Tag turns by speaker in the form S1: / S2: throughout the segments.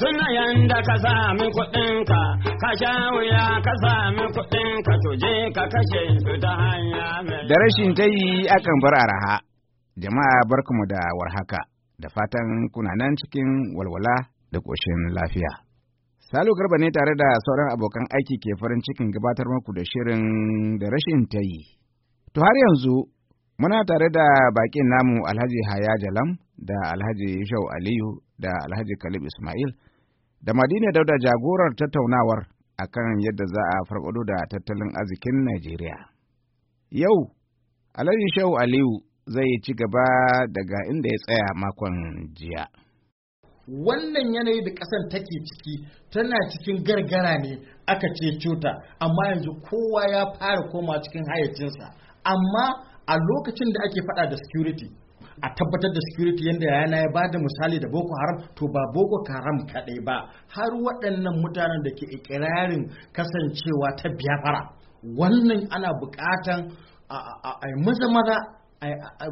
S1: tuna yanda ka sami kuɗinka, ka sha wuya ka sami kuɗinka je
S2: ka kashe su ta hanya mai. Da rashin ta yi akan bar araha, jama'a barkamu da warhaka, da fatan kuna nan cikin walwala da ƙoshin lafiya. Salu Garba ne tare da sauran abokan aiki ke farin cikin gabatar muku da shirin da rashin ta yi. To har yanzu Muna tare da bakin namu Alhaji Haya Jalam da Alhaji Shau Aliyu da Alhaji Kalib Ismail Da Madina Dauda jagorar tattaunawar a kan yadda za a farfado da tattalin arzikin Najeriya. Yau, Alhaji Shehu Aliyu zai ci gaba daga inda ya tsaya makon jiya.
S1: Wannan yanayi da ƙasar take ciki tana cikin gargara ne aka ce cuta, amma yanzu kowa ya fara koma cikin hayacinsa. Amma a lokacin da ake fada da security a tabbatar da security yadda yana ya ba da misali da boko haram to ba boko haram kadai ba har waɗannan mutanen da ke ikirarin kasancewa ta biyafara wannan ana bukatan a maza maza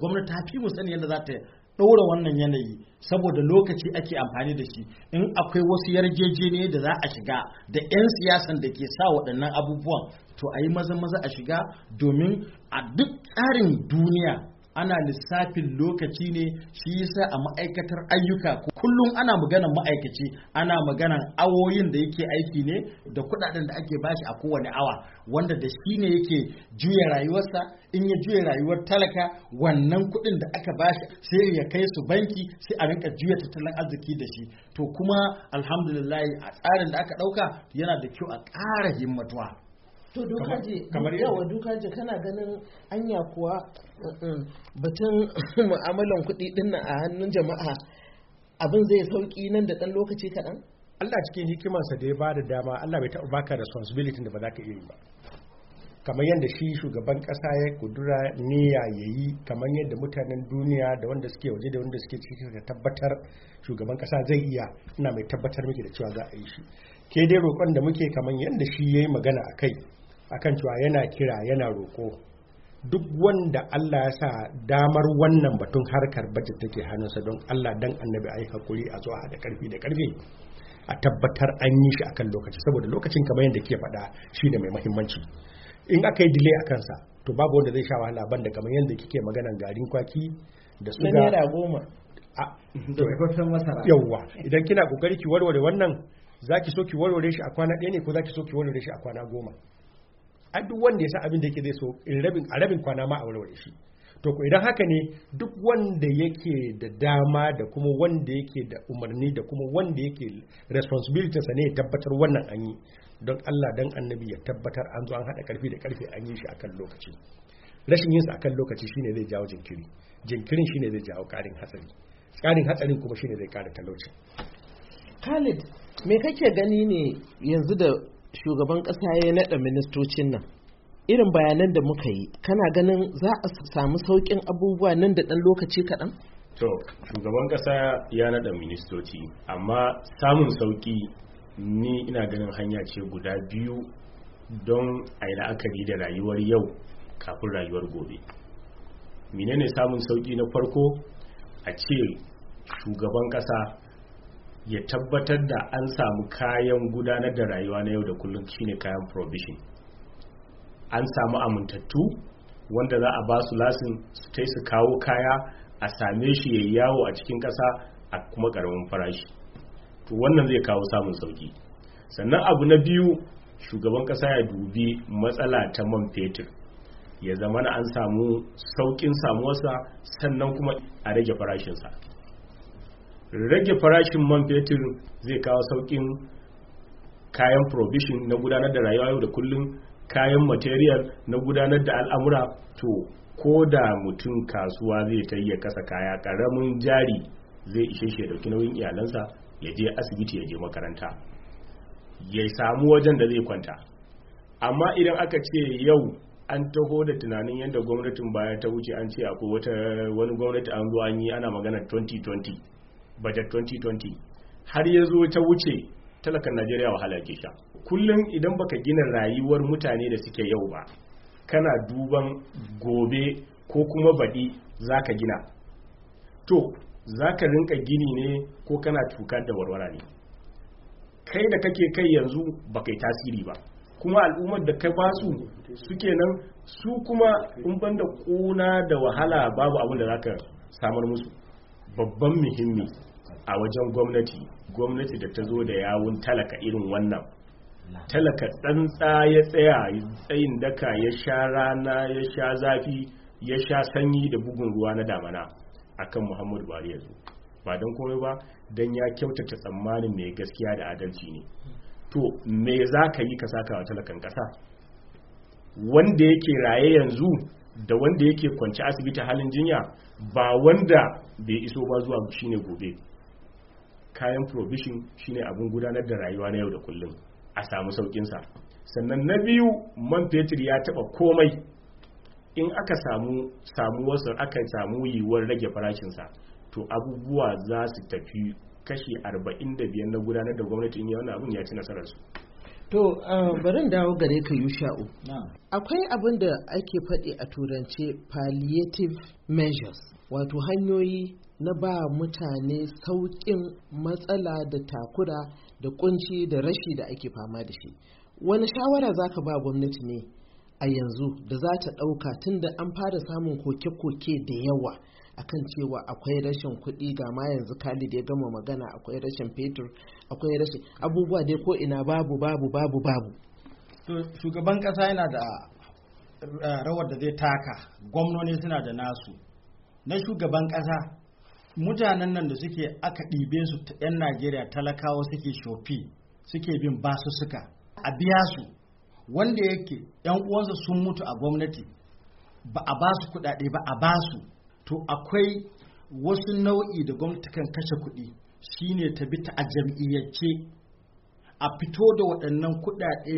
S1: gwamnati ta fi mu sani yadda za ta ɗora wannan yanayi saboda lokaci ake amfani da shi in akwai wasu yarjejeniya da za a shiga da 'yan siyasan da ke sa waɗannan abubuwan to a yi maza maza a shiga domin a duk tsarin duniya ana lissafin lokaci ne shi yasa a ma'aikatar ayyuka kullum ana magana ma'aikaci ana magana awoyin da yake aiki ne da kudaden da ake bashi a kowane awa wanda da shi ne yake juya rayuwarsa in ya juya rayuwar talaka wannan kudin da aka bashi sai ya kai su banki sai a rinka juya tattalin arziki da shi to kuma alhamdulillah a tsarin da aka dauka yana da kyau a ƙara himmatuwa
S3: to dukaje yawa dukaje kana ganin anya kuwa batun mu'amalan kuɗi din a hannun jama'a abin zai sauki nan da ɗan lokaci kaɗan?
S4: Allah cikin hikimarsa da ya ba da dama Allah bai taɓa baka responsibility da ba za ka iya yi ba kamar yadda shi shugaban ƙasa ya kudura niyya ya yi kamar yadda mutanen duniya da wanda suke waje da wanda suke cikin da tabbatar shugaban ƙasa zai iya ina mai tabbatar miki da cewa za a yi shi ke dai roƙon da muke kamar yadda shi ya yi magana a kai akan cewa yana kira yana roko duk wanda Allah ya sa damar wannan batun harkar budget take hannunsa don Allah dan annabi ai hakuri a zuwa da karfi da karfi a tabbatar an yi shi akan lokaci saboda lokacin kamar yadda ke faɗa ne mai muhimmanci in aka yi delay a kansa to babu wanda zai sha wahala ban da kamar yadda kike maganan garin kwaki da suga naira goma da kwakwafen masara yawwa idan kina kokari ki warware wannan zaki so ki warware shi a kwana ɗaya ne ko zaki so ki warware shi a kwana goma ai duk wanda ya san abin da yake zai so a rabin kwana ma a warware shi to ku idan haka ne duk wanda yake da dama da kuma wanda yake da umarni da kuma wanda yake responsibility sa ne ya tabbatar wannan an yi don Allah dan annabi ya tabbatar an zo an hada karfi da karfe an yi shi akan lokaci rashin yin sa akan lokaci shine zai jawo jinkiri jinkirin shine zai jawo karin hatsari karin hatsarin kuma shine zai kara talauci
S3: Khalid me kake gani ne yanzu da shugaban ƙasa ya naɗa ministocin nan irin bayanan da muka yi kana ganin za a samu sauƙin abubuwa nan da ɗan lokaci kaɗan?
S5: to shugaban ƙasa ya naɗa ministoci amma samun sauƙi ni ina ganin hanya ce guda biyu don a yi la'akari da rayuwar yau kafin rayuwar gobe menene samun sauƙi na farko a ce shugaban ƙasa ya tabbatar da an samu kayan gudanar da rayuwa na yau da kullum shine kayan provision an samu amintattu wanda za a ba su lasin su tai su kawo kaya a same shi ya yawo a cikin ƙasa a kuma ƙaramin farashi to wannan zai kawo samun sauƙi. sannan abu na biyu shugaban ƙasa ya dubi matsala ta man fetur ya zama na an samu sauƙin samuwarsa sannan kuma a rage farashinsa rage farashin man fetur zai kawo saukin kayan provision na gudanar da rayuwa yau da kullum kayan material na gudanar da al'amura to ko da mutum kasuwa zai ta iya kasa kaya karamin jari zai ishe shi ya dauki nauyin iyalansa ya je asibiti ya je makaranta ya samu wajen da zai kwanta amma idan aka ce yau an taho da tunanin yadda gwamnatin baya ta wuce an ce akwai wata wani gwamnati an zo an yi ana magana 2020 budget 2020 har ya zo ta wuce talakan najeriya wahala ke sha kullum idan baka gina rayuwar mutane da suke yau ba kana duban gobe ko kuma baɗi za ka gina to za ka rinka gini ne ko kana tukar da warwara ne kai da kake kai yanzu baka kai tasiri ba kuma al'ummar da ka basu su suke nan su kuma in banda ƙuna da wahala babu abin da za ka samar musu babban muhimmi a wajen gwamnati gwamnati da ta zo da yawun talaka irin wannan talaka tsantsa ya tsaya tsayin daka ya sha rana ya sha zafi ya sha sanyi da bugun ruwa na damana akan muhammadu buhari zo ba don komai ba don ya kyautata tsammanin mai gaskiya da adalci ne to me za ka yi ka saka wa talakan kasa wanda yake raye yanzu da wanda yake kwanci asibiti halin jinya ba wanda bai iso ba zuwa shine gobe kayan provision shine abin gudanar da rayuwa na yau da kullum a samu saukinsa sannan na biyu man fetur ya taɓa komai in aka samu samuwarsa aka samu yiwuwar rage farashinsa to abubuwa za su tafi kashi 45 na gudanar da gwamnati in yawan abin ya ci nasararsu to barin dawo
S3: gare ka sha'o, akwai abin da ake faɗi a turance palliative measures wato hanyoyi na ba mutane sauƙin matsala da takura da kunci da rashi da ake fama da shi wani shawara za ka ba gwamnati ne a yanzu da za ta ɗauka tun da an fara samun koke-koke da yawa akan cewa akwai rashin kuɗi ga ma yanzu Khalid ya gama magana akwai rashin fetur akwai rashin abubuwa dai ko ina babu babu babu babu
S1: shugaban ƙasa yana da eh, rawar da zai taka gwamnoni suna da nasu na shugaban ƙasa mutanen nan da suke aka ɗibe su ta yan najeriya talakawa suke shofi suke bin basu suka a biya su wanda yake yan uwansa sun mutu a gwamnati ba a ba su kuɗaɗe ba a ba su, to akwai wasu nau'i da gwamnati kan kashe kuɗi shine ta bi ta a a fito da waɗannan kuɗaɗe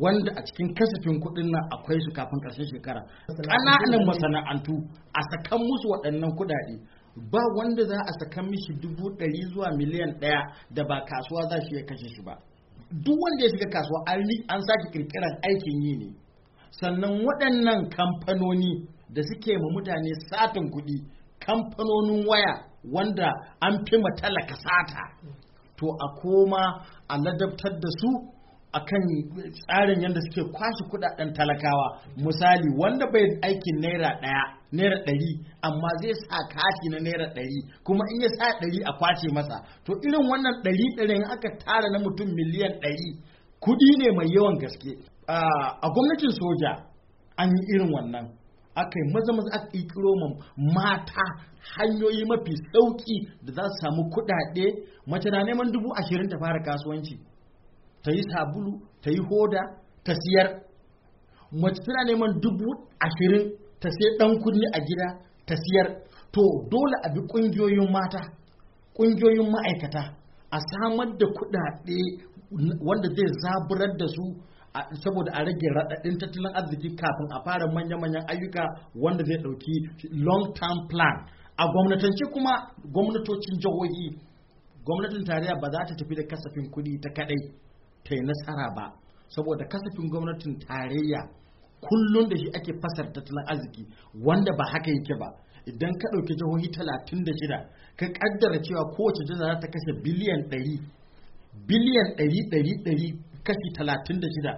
S1: wanda a cikin kasafin kuɗin nan akwai su kafin ƙarshen shekara ƙananan masana'antu a sakan musu waɗannan kuɗaɗe ba wanda za a saka mishi dubu ɗari zuwa miliyan ɗaya da ba kasuwa za shi ya kashe shi ba duk wanda ya shiga kasuwa an sake kirkirar aikin yi ne sannan waɗannan kamfanoni da suke ma mutane satin kuɗi kamfanonin waya wanda an fi talaka sata to a koma a ladabtar da su akan tsarin yadda suke kwashe kudaden talakawa misali wanda bai aikin naira ɗaya, naira ɗari amma zai sa kati na naira ɗari kuma in ya sa ɗari a kwace masa to irin wannan ɗari in aka tara na mutum miliyan ɗari kuɗi ne mai yawan gaske a gwamnatin soja an yi irin wannan aka yi maza maza aka kiro mata hanyoyi mafi sauki da za su samu kudade mace na neman dubu ashirin ta fara kasuwanci ta yi sabulu ta yi hoda ta siyar mace tana neman dubu ashirin ta sai ɗan kudi a gida ta siyar to dole a bi ƙungiyoyin mata ƙungiyoyin ma'aikata a samar da kuɗaɗe wanda zai zaburar da su saboda a rage raɗaɗin tattalin arziki kafin a fara manya-manyan ayyuka wanda zai ɗauki long-term plan a gwamnatance kuma gwamnatocin jihohi gwamnatin tarayya ba za ta tafi da kasafin kuɗi ta kaɗai ta yi nasara ba saboda kasafin gwamnatin tarayya kullum da shi ake fasar tattalin arziki wanda ba haka yake ba idan ka ɗauki jihohi talatin da shida ka ƙaddara cewa kowace jihar za ta kashe biliyan ɗari biliyan ɗari ɗari ɗari kashi talatin da shida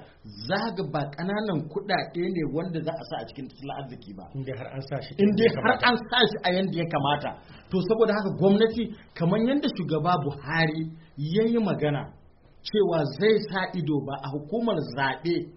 S1: za ga ba ƙananan kuɗaɗe ne wanda za a sa a cikin tattalin arziki ba in dai har an sa shi a yanda ya kamata to saboda haka gwamnati kamar yadda shugaba buhari ya yi magana cewa zai sa ido ba a hukumar zaɓe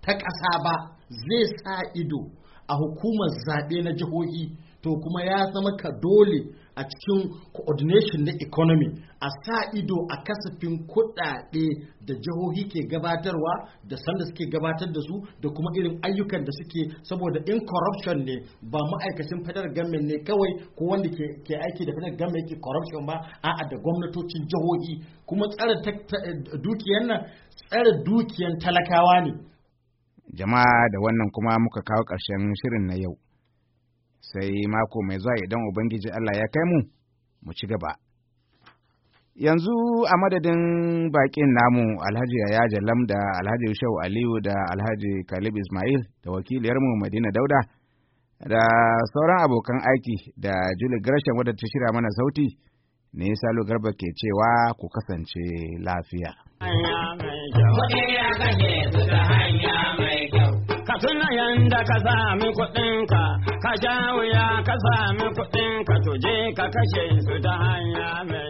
S1: ta ƙasa ba zai sa ido a hukumar zaɓe na jihohi to kuma ya zama ka dole a cikin coordination na economy a sa ido a kasafin kuɗaɗe da jihohi ke gabatarwa da sanda suke gabatar da su da kuma irin ayyukan da suke saboda in corruption ne ba ma'aikacin federal government ne kawai ko wanda ke aiki da federal government ke corruption ba a'a da gwamnatocin jihohi kuma tsara dukiyar tsare dukiyar talakawa ne
S2: jama'a da wannan kuma muka kawo ƙarshen shirin na yau sai mako mai zuwa idan Ubangiji Allah ya kai mu, mu ci gaba. Yanzu a madadin baƙin namu Alhaji Yaya Jalam da Alhaji Shau Aliyu da Alhaji Kalib Ismail da wakiliyarmu Madina Dauda da sauran abokan aiki da Julie Gresham wadda ta shirya mana sauti ne Salo Garba ke cewa ku kasance lafiya. Ka tuna yanda ka sami kuɗinka ka jawo wuya ka sami kuɗin ka tuje
S1: ka kashe su ta hanya mai